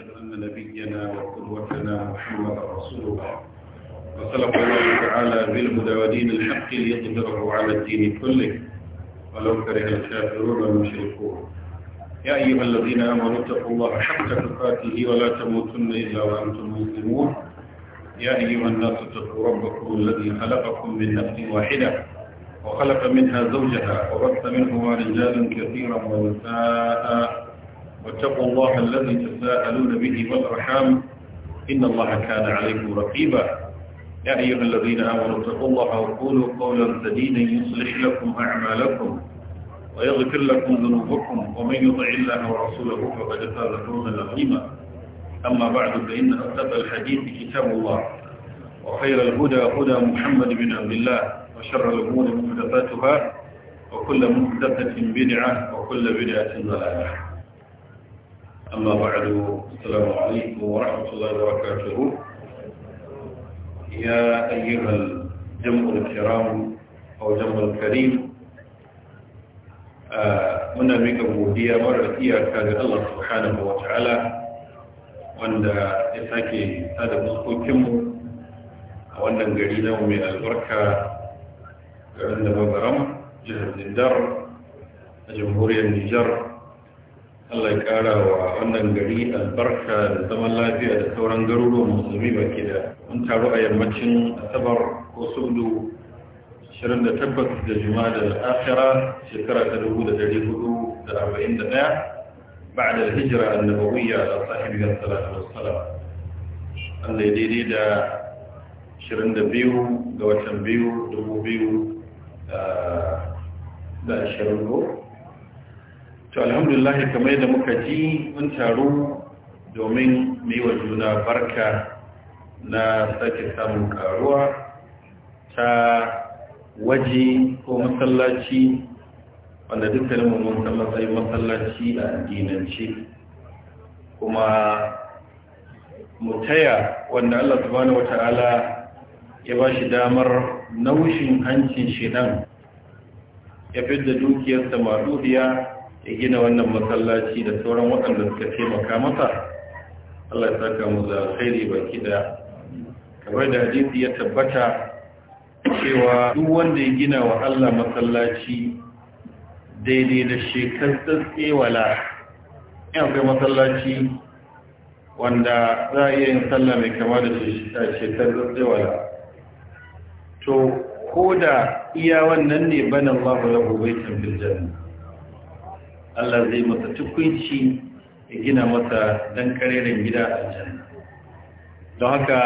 أشهد أن نبينا وقدوتنا محمد رسول الله وخلق الله تعالى بالهدى ودين الحق ليظهره على الدين كله ولو كره الكافرون والمشركون يا أيها الذين آمنوا اتقوا الله حق تقاته ولا تموتن إلا وأنتم مسلمون يا أيها الناس اتقوا ربكم الذي خلقكم من نفس واحدة وخلق منها زوجها وبث منهما رجالا كثيرا ونساء واتقوا الله الذي تساءلون به والأرحام إن الله كان عليكم رقيبا يا أيها الذين آمنوا اتقوا الله وقولوا قولا سديدا يصلح لكم أعمالكم ويغفر لكم ذنوبكم ومن يطع الله ورسوله فقد فاز فوزا عظيما أما بعد فإن أصدق الحديث كتاب الله وخير الهدى هدى محمد بن عبد الله وشر الأمور محدثاتها وكل محدثة بدعة وكل بدعة ضلالة أما بعد السلام عليكم ورحمة الله وبركاته يا أيها الجمع الكرام أو الجمع الكريم آه، من أمريكا بودية ورأتي أكاد الله سبحانه وتعالى وأن إساكي هذا مصفو كم وأن نجدين من البركة وأن نبغرم جهد الدر الجمهورية النجر Allah ya wa wannan gari albarka da zaman lafiya da sauran garuruwan musulmi baki da mun taru a yammacin asabar ko sudu. 28 da juma'a da akhira shekara ta 1441 بعد الهجرة النبوية على صاحبها الصلاة والسلام اللي دي دي دا شرند بيو دوشن بيو دبو بيو دا شرندو to alhamdulillah kamar da muka ji mun taru domin mai wa juna barka na sake samun karuwa ta waje ko masallaci wanda dukkanin mun san matsayin masallaci a addinance kuma mutaya wanda Allah subhanahu wata'ala ya ba shi damar naushin hancin nan, ya fidda dukiyarsa madudiya ya gina wannan masallaci da sauran waɗanda suka taimaka masa Allah ya saka mu da alkhairi baki da kamar da hadisi ya tabbata cewa duk wanda ya gina wa Allah masallaci daidai da shekar tsewala ya kai masallaci wanda za a iya yin sallah mai kama da shekar tsewala to ko da iya wannan ne banan Allah ya gobe kan jami'a Allah zai masa tukunci ya gina masa dan kareren gida a aljanna don haka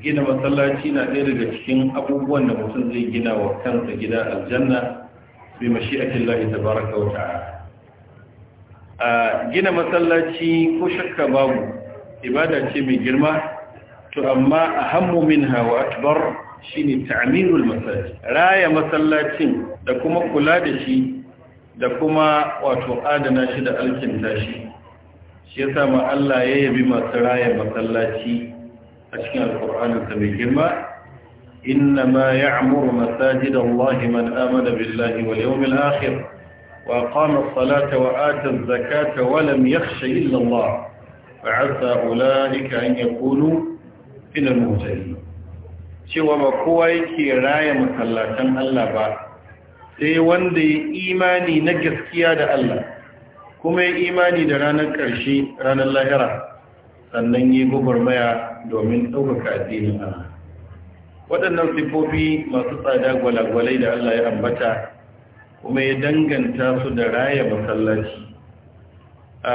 gina masallaci na ɗaya daga cikin abubuwan da mutum zai gina wa kansa gida aljanna bi mashi'atin lahi tabaraka wa ta'ala a gina masallaci ko shakka babu ibada ce mai girma to amma ahammu minha hawa akbar shine ta'mirul masallaci. raya masallacin da kuma kula da shi da kuma wato adana shi da alkin shi shi yasa ma Allah ya yabi masu raya masallaci a cikin alkur'anin mai girma inna ma ya'muru masajidallahi man amana billahi wal yawmil akhir wa aqama as-salata wa ata az-zakata wa lam yakhsha illa Allah fa'asa ulaika an yakunu min al-muhtadin cewa ba kowa yake raya masallatan Allah ba sai wanda ya imani na gaskiya da Allah kuma ya imani da ranar ƙarshe ranar lahira sannan yi gwagwarmaya domin ɗaukaka addinin Allah waɗannan siffofi masu tsada gwalagwalai da Allah ya ambata kuma ya danganta su da raya masallaci a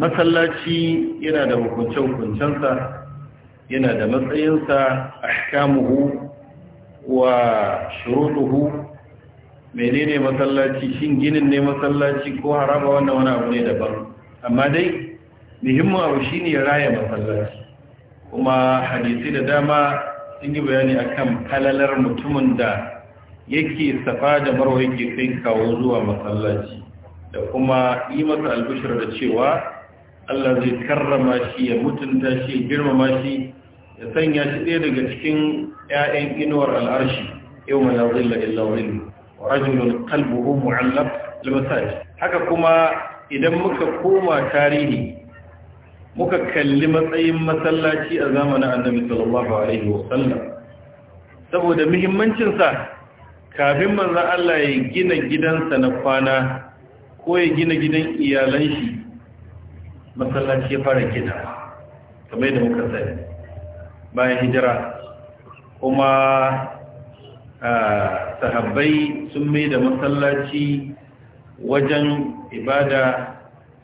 masallaci yana da hukunce-hukuncensa yana da matsayinsa a shikamuhu wa shuruɗuhu menene masallaci shin ginin ne masallaci ko haraba wannan wani abu ne daban amma dai muhimmin abu shine raya masallaci kuma hadisi da dama sun yi bayani akan halalar mutumin da yake safa da marwa yake kai kawo zuwa masallaci da kuma yi masa albishir da cewa Allah zai karrama shi ya mutunta shi ya girmama shi ya sanya shi ɗaya daga cikin 'ya'yan inuwar al'arshi yau mana zilla illa wani rajulun qalbuhu mu'allab bil haka kuma idan muka koma tarihi muka kalli matsayin masallaci a zamanin annabi sallallahu alaihi wasallam saboda muhimmancin sa kafin manzon Allah ya gina gidansa na kwana ko ya gina gidan iyalan shi masallaci ya fara gina kamar yadda muka sani bayan hijira kuma ah, sahabbai sun mai da masallaci wajen ibada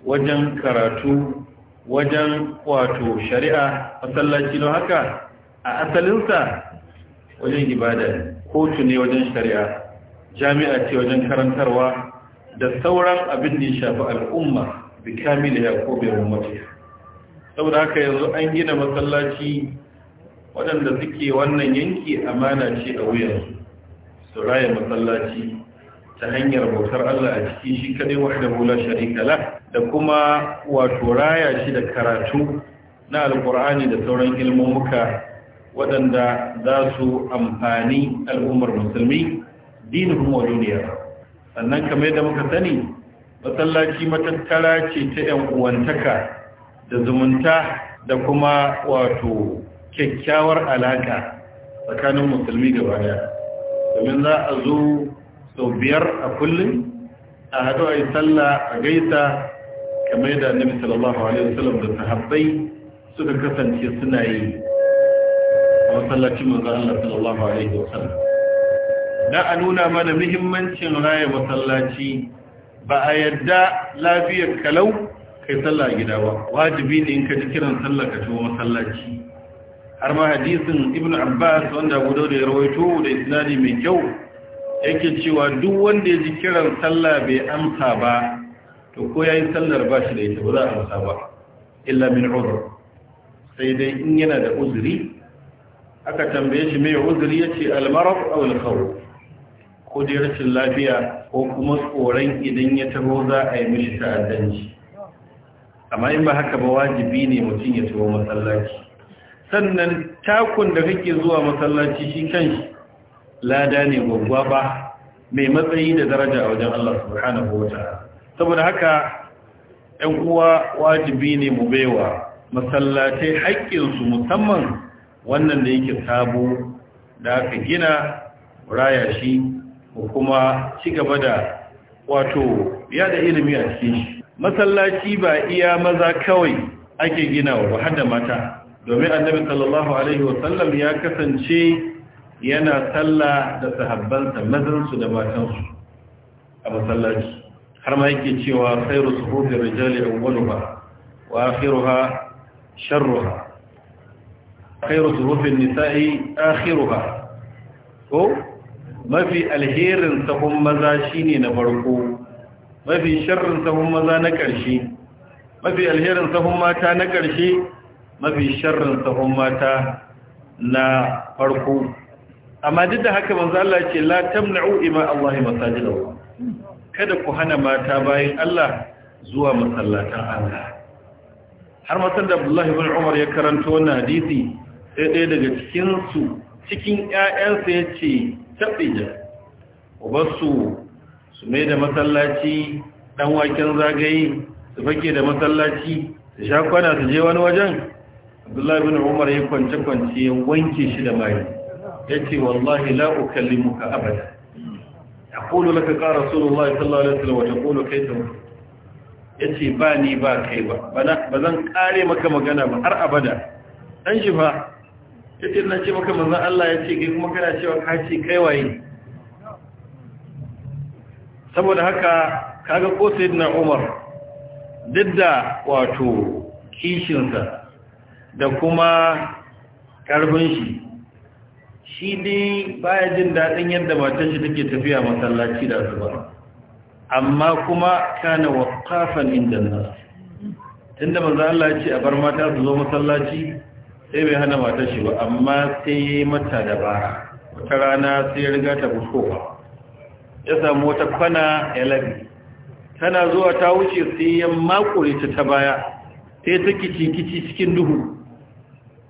wajen karatu wajen wato shari'a masallaci don haka a asalinsa wajen ibada kotu ne wajen shari'a jami'a ce wajen karantarwa da sauran abin da shafi al'umma bi kamila ya kobe umarci saboda haka yanzu an gina masallaci waɗanda suke wannan yanki amana ce a wuyansu raya masallaci ta hanyar bautar Allah a cikin shi kadai wadda hula sharikala. da kuma wato raya shi da karatu na alkur'ani da sauran ilmomuka waɗanda za su amfani al'ummar musulmi dinin wa duniya sannan kamar da muka sani masallaci matattara ce ta ‘yan uwantaka da zumunta da kuma wato kyakkyawar alaƙa tsakanin musulmi gaba daya domin za a zo sau biyar a kullum a haɗu a yi sallah a gaisa kamar da annabi sallallahu alaihi wasallam da sahabbai suka kasance suna yi a masallacin manzo Allah sallallahu alaihi wasallam da a nuna mana muhimmancin raya masallaci ba a yadda lafiyar kalau kai sallah gida ba wajibi ne in ka ji kiran sallah ka tuwo masallaci har ma hadisin ibn abbas wanda abu da ya rawaito da isnadi mai kyau yake cewa duk wanda ya ji kiran sallah bai amsa ba to ko yayi sallar ba shi da ita ba za a amsa ba illa min uzr sai dai in yana da uzuri aka tambaye shi mai uzuri yace al-marad aw al-khawf ko dai rashin lafiya ko kuma tsoron idan ya taho za a yi mishi ta'addanci amma in ba haka ba wajibi ne mutum ya taho masallaci sannan takun da kake zuwa masallaci shi kanshi lada ne ba mai matsayi da daraja a wajen Allah subhanahu wataala saboda haka ɗan uwa wajibi ne mu baiwa masallatai su musamman wannan da yake sabo da aka gina raya shi ko kuma ci gaba da wato yada ilimi a cikin shi masallaci ba iya maza kawai ake gina wa har da mata domin annabi sallallahu alaihi wasallam ya kasance yana sallah da sahabbansa mazansu da matansu a masallaci har ma yake cewa khairu suhufir rijali awwaluha wa akhiruha sharruha khairu suhufin nisa'i akhiruha ko mafi alherin sahun maza shine na farko mafi sharrin sahun maza na ƙarshe mafi alherin sahun mata na ƙarshe mafi sharrin sahun mata na farko amma duk da haka manzo Allah ce la tamna'u ima Allah masajidahu kada ku hana mata bayan Allah zuwa masallatan Allah har matan da Abdullahi ibn Umar ya karanto wannan hadisi sai ɗaya daga cikin su cikin ƴaƴansa yace tabbija ubasu su mai da masallaci ɗan waken zagaye su bake da masallaci su sha kwana su je wani wajen abdullahi bin umar ya kwance kwance ya wanke shi da Ya ce, wallahi la ukallimuka abada Ya aqulu laka qala rasulullahi sallallahu alaihi wasallam wa taqulu kayfa yace ba ni ba kai ba ba zan kare maka magana ba har abada dan shi fa yace na ce maka manzon Allah yace kai kuma kana cewa ka ce kai waye saboda haka kaga ko sayyidina Umar didda wato kishinsa da kuma ƙarfin shi shi ne baya jin daɗin yadda matan shi take tafiya masallaci da zuba amma kuma kana kafan inda na tunda manzo Allah ce a bar mata su zo masallaci sai bai hana matar shi ba amma sai yi mata ba wata rana sai ya riga ta buskowa ya samu wata kwana ya labi tana zuwa ta wuce sai ya makure ta baya sai ta kici kici cikin duhu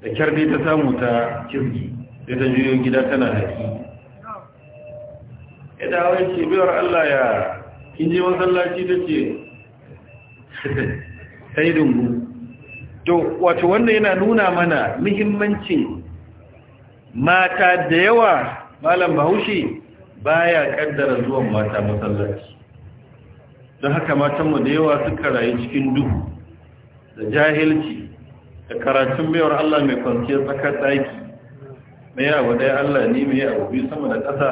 da kyar dai ta samu ta kirki sai ta juyo gida tana haƙi ya dawo ya ce biyar Allah ya kin je masallaci ta ce sai dungu to wato wannan yana nuna mana muhimmancin mata da yawa malam bahaushe baya kaddara zuwan mata masallaci don haka matanmu da yawa suka rayu cikin duhu da jahilci da karatun baiwar Allah mai kwanciyar tsakar daiki mai abu ɗaya Allah ne mai abu biyu sama da ƙasa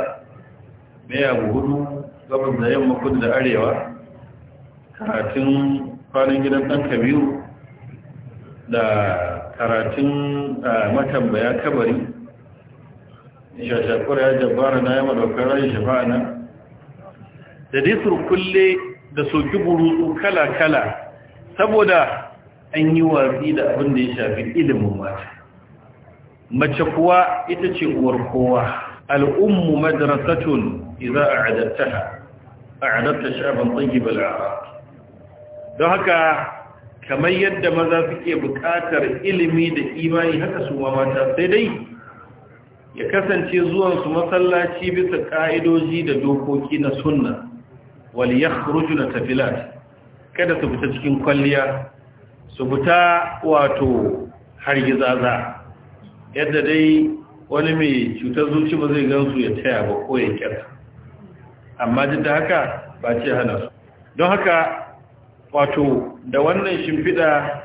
mai abu hudu gabas da yamma kudu da arewa karatun kwanan gidan ɗan kabiru da karatun matambaya kabari shashakwar ya jabbara na yamma daukar rai shafa'a nan da dai kulle da soke burutsu kala-kala saboda an yi watsi da abin da ya shafi ilimin mata mace kuwa ita ce uwar kowa al'ummu madrasatun idza a'adattaha a'adatta sha'ban tayyib al'arab don haka kamar yadda maza suke buƙatar ilimi da imani haka su ma mata sai dai ya kasance zuwan su masallaci bisa ka'idoji da dokoki na sunna wal na tafilat kada su fita cikin kwalliya su fita wato gizaza, yadda dai wani mai cutar zuci ba zai gansu ya taya ba ko ya kyar amma duk da haka ba ce hana su don haka wato da wannan shimfiɗa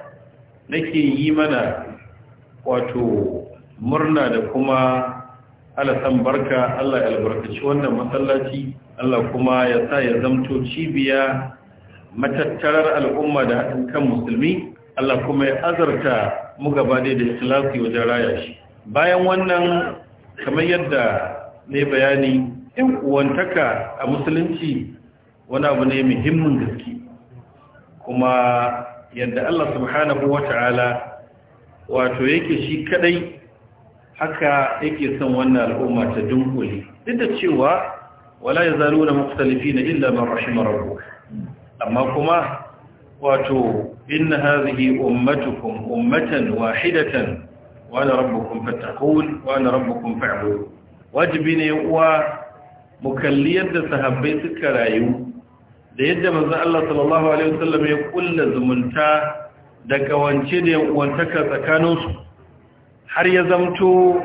nake yi mana wato murna da kuma alasan barka Allah albarkaci wannan masallaci Allah kuma ya sa ya zamto cibiya matattarar al'umma da haɗin kan musulmi Allah kuma ya azarta mu gaba da ikhlasi wajen raya shi bayan wannan kamar yadda ne bayani in uwantaka a musulunci wani abu ne muhimmin gaske kuma yadda Allah subhanahu wata'ala wato yake shi kadai haka yake son wannan al'umma ta dunkule duk da cewa wala yazaluna mukhtalifina illa man rahimar rabbuk amma kuma wato إن هذه أمتكم أمة واحدة وأنا ربكم فاتقون وأنا ربكم فاعبدون واجبني ومكلية سهبي سكرايو da yadda manzo Allah sallallahu ya kulla zumunta da kawance da wantaka tsakaninsu har ya zamto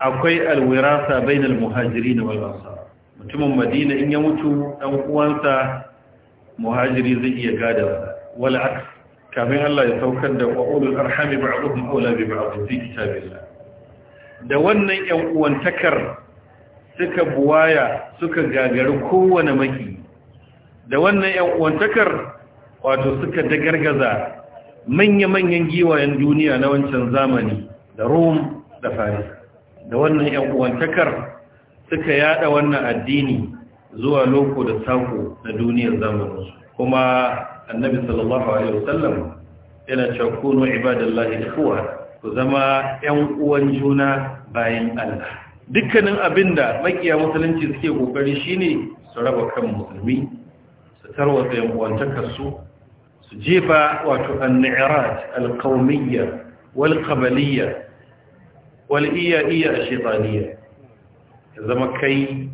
akwai alwirasa bainal muhajiri na ansar mutumin Madina in ya mutu dan uwansa muhajiri zai iya gada wal kafin Allah ya saukar da wa'ulul arhami ba'dhum aula bi ba'd fi kitabillah da wannan ƴan uwantakar suka buwaya suka gagari kowane maki da wannan ƴan uwantakar wato suka dagargaza manya-manyan giwayen duniya na wancan zamani da rom da Faris da wannan ƴan uwantakar suka yada wannan addini zuwa loko da sako na duniyar zamaninsu kuma annabi sallallahu alaihi wasallam yana cewa kunu ibadallahi ikhwa ku zama ƴan uwan juna bayan Allah dukkanin abinda makiya musulunci suke kokari shine su raba kan musulmi su tarwata yan uwantakar su su jefa wato an-ni'rat al-qawmiyya wal-qabaliyya wal-iyya iyya ash-shaytaniyya zama kai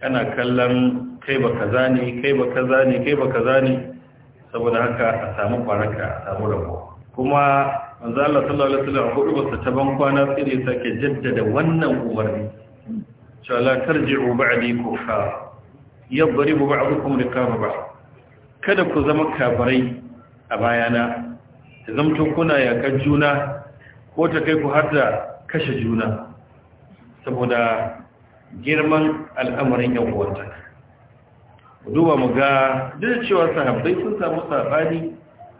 kana kallon kai ba kaza ne kai ba kaza ne kai ba kaza ne saboda haka a samu kwaraka a samu rabo kuma manzo Allah sallallahu alaihi wasallam hudu ba ta ban kwana sai sake jaddada wannan umarni cewa la tarji'u ba'di kufa yadribu ba'dukum rikaba ba. kada ku zama kabarai a bayana ta zamto kuna yakan juna ko ta kai ku hadda kashe juna saboda girman al'amarin yan uwantaka duba mu ga duk cewa sahabbai sun samu sabani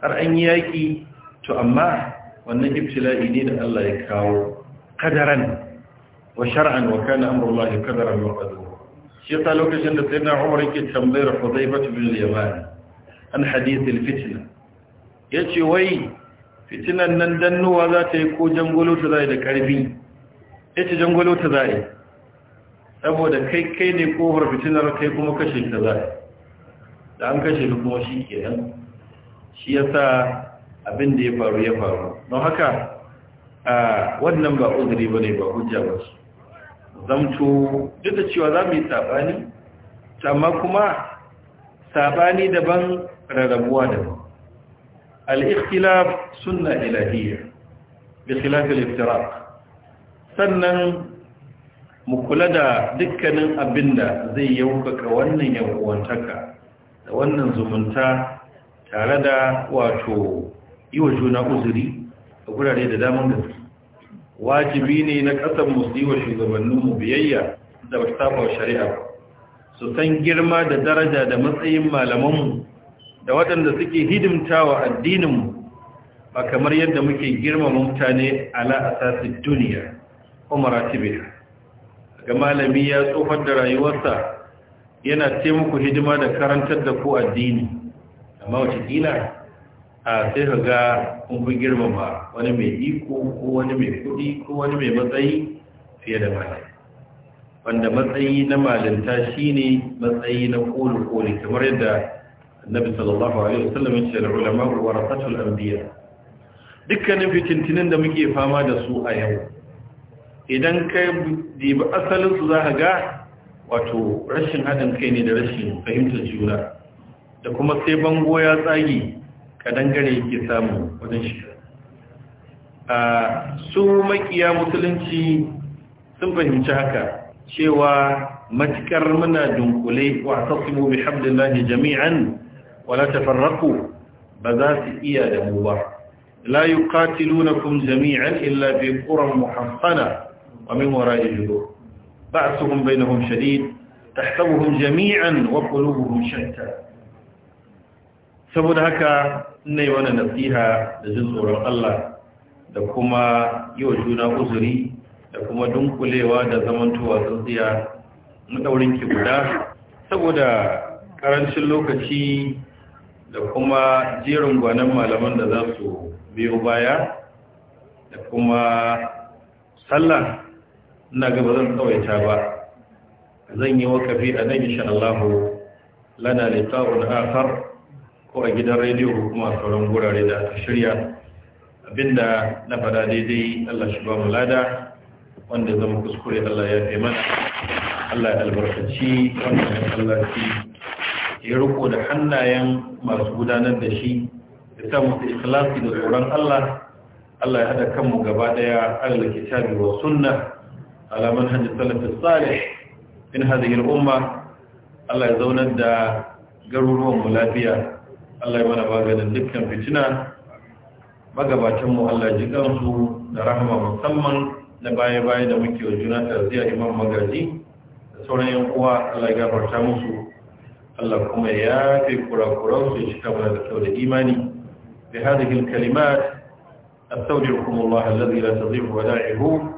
har an yi yaki to amma wannan ibtila'i ne da Allah ya kawo kadaran wa shar'an wa kana amrullahi kadaran muqaddara shi ta lokacin da sayyidina Umar yake tambayar Hudayfa bin Yaman an hadith al-fitna yace wai fitinan nan dannuwa za ta yi ko jangolo ta zai da karfi yace jangolo ta zai saboda kai kai ne kofar fitinar kai kuma kashe ta zai da an kashe duk kuma shi kenan shi yasa abin da ya faru ya faru don haka a wannan ba uzuri bane ba hujja ba su zamto duk da cewa za mu yi sabani amma kuma sabani daban rarrabuwa daban al-ikhtilaf sunna ilahiyya bi khilaf al-iftiraq sannan mu kula da dukkanin abinda zai yaukaka wannan yawantaka da wannan zumunta tare da wato yi wa juna uzuri a gurare da daman gaske wajibi ne na ƙasar musulmi wa shugabanninmu biyayya da ba saba shari'a su san girma da daraja da matsayin malamanmu da waɗanda suke hidimta wa addininmu ba kamar yadda muke girmama mutane ala asasin duniya ko ga malami ya tsofar da rayuwarsa yana taimako hidima da karantar da ku addini amma wace kila a sai ka ga kun fi girmama wani mai iko ko wani mai kuɗi ko wani mai matsayi fiye da mana wanda matsayi na malinta shine matsayi na koli koli kamar yadda annabi sallallahu alaihi wasallam ya ce ulama warasatul anbiya dukkanin fitintinin da muke fama da su a yau idan kai diba asalin su za ka ga wato rashin haɗin kai ne da rashin fahimtar juna da kuma sai bango ya tsagi kadangare yake samu wajen shiga a su makiya musulunci sun fahimci haka cewa matukar muna dunkule wa tasimu bi hamdillahi jami'an wala tafarraqu ba za su iya da mu ba la yuqatilunakum jami'an illa fi quran muhassana wa min wara'i judur بعثهم بينهم شديد تحسبهم جميعا وقلوبهم شتى saboda haka ina yi wani nasiha da jin tsoron Allah da kuma yiwa juna uzuri da kuma dunkulewa da zamantowa tsintsiya na ki guda saboda karancin lokaci da kuma jerin gwanon malaman da za su biyo baya da kuma sallah ina ga ba zan tsawaita ba zan yi wakafi a nan insha Allah lana liqa'un akhar ko a gidan rediyo ko kuma sauran gurare da aka shirya abinda na faɗa daidai Allah shi ba mu lada wanda zama kuskure Allah ya fi mana Allah ya albarkaci wannan shi ya riko da hannayen masu gudanar da shi ya sa musu ikhlasi da tsoron Allah Allah ya hada kanmu gaba daya alal kitabi wa sunnah على منهج السلف الصالح من هذه الأمة الله يزون الدا قرور وملافية الله يمنى باقنا ذكا فتنة magabatanmu Allah ji kansu da rahama musamman na baya-baya da muke wa juna tarziya imam magaji da sauran yan uwa Allah ya gafarta musu Allah kuma ya fi kurakuran da da imani bi hadhihi al-kalimat أستودعكم الله الذي لا تضيع ودائعه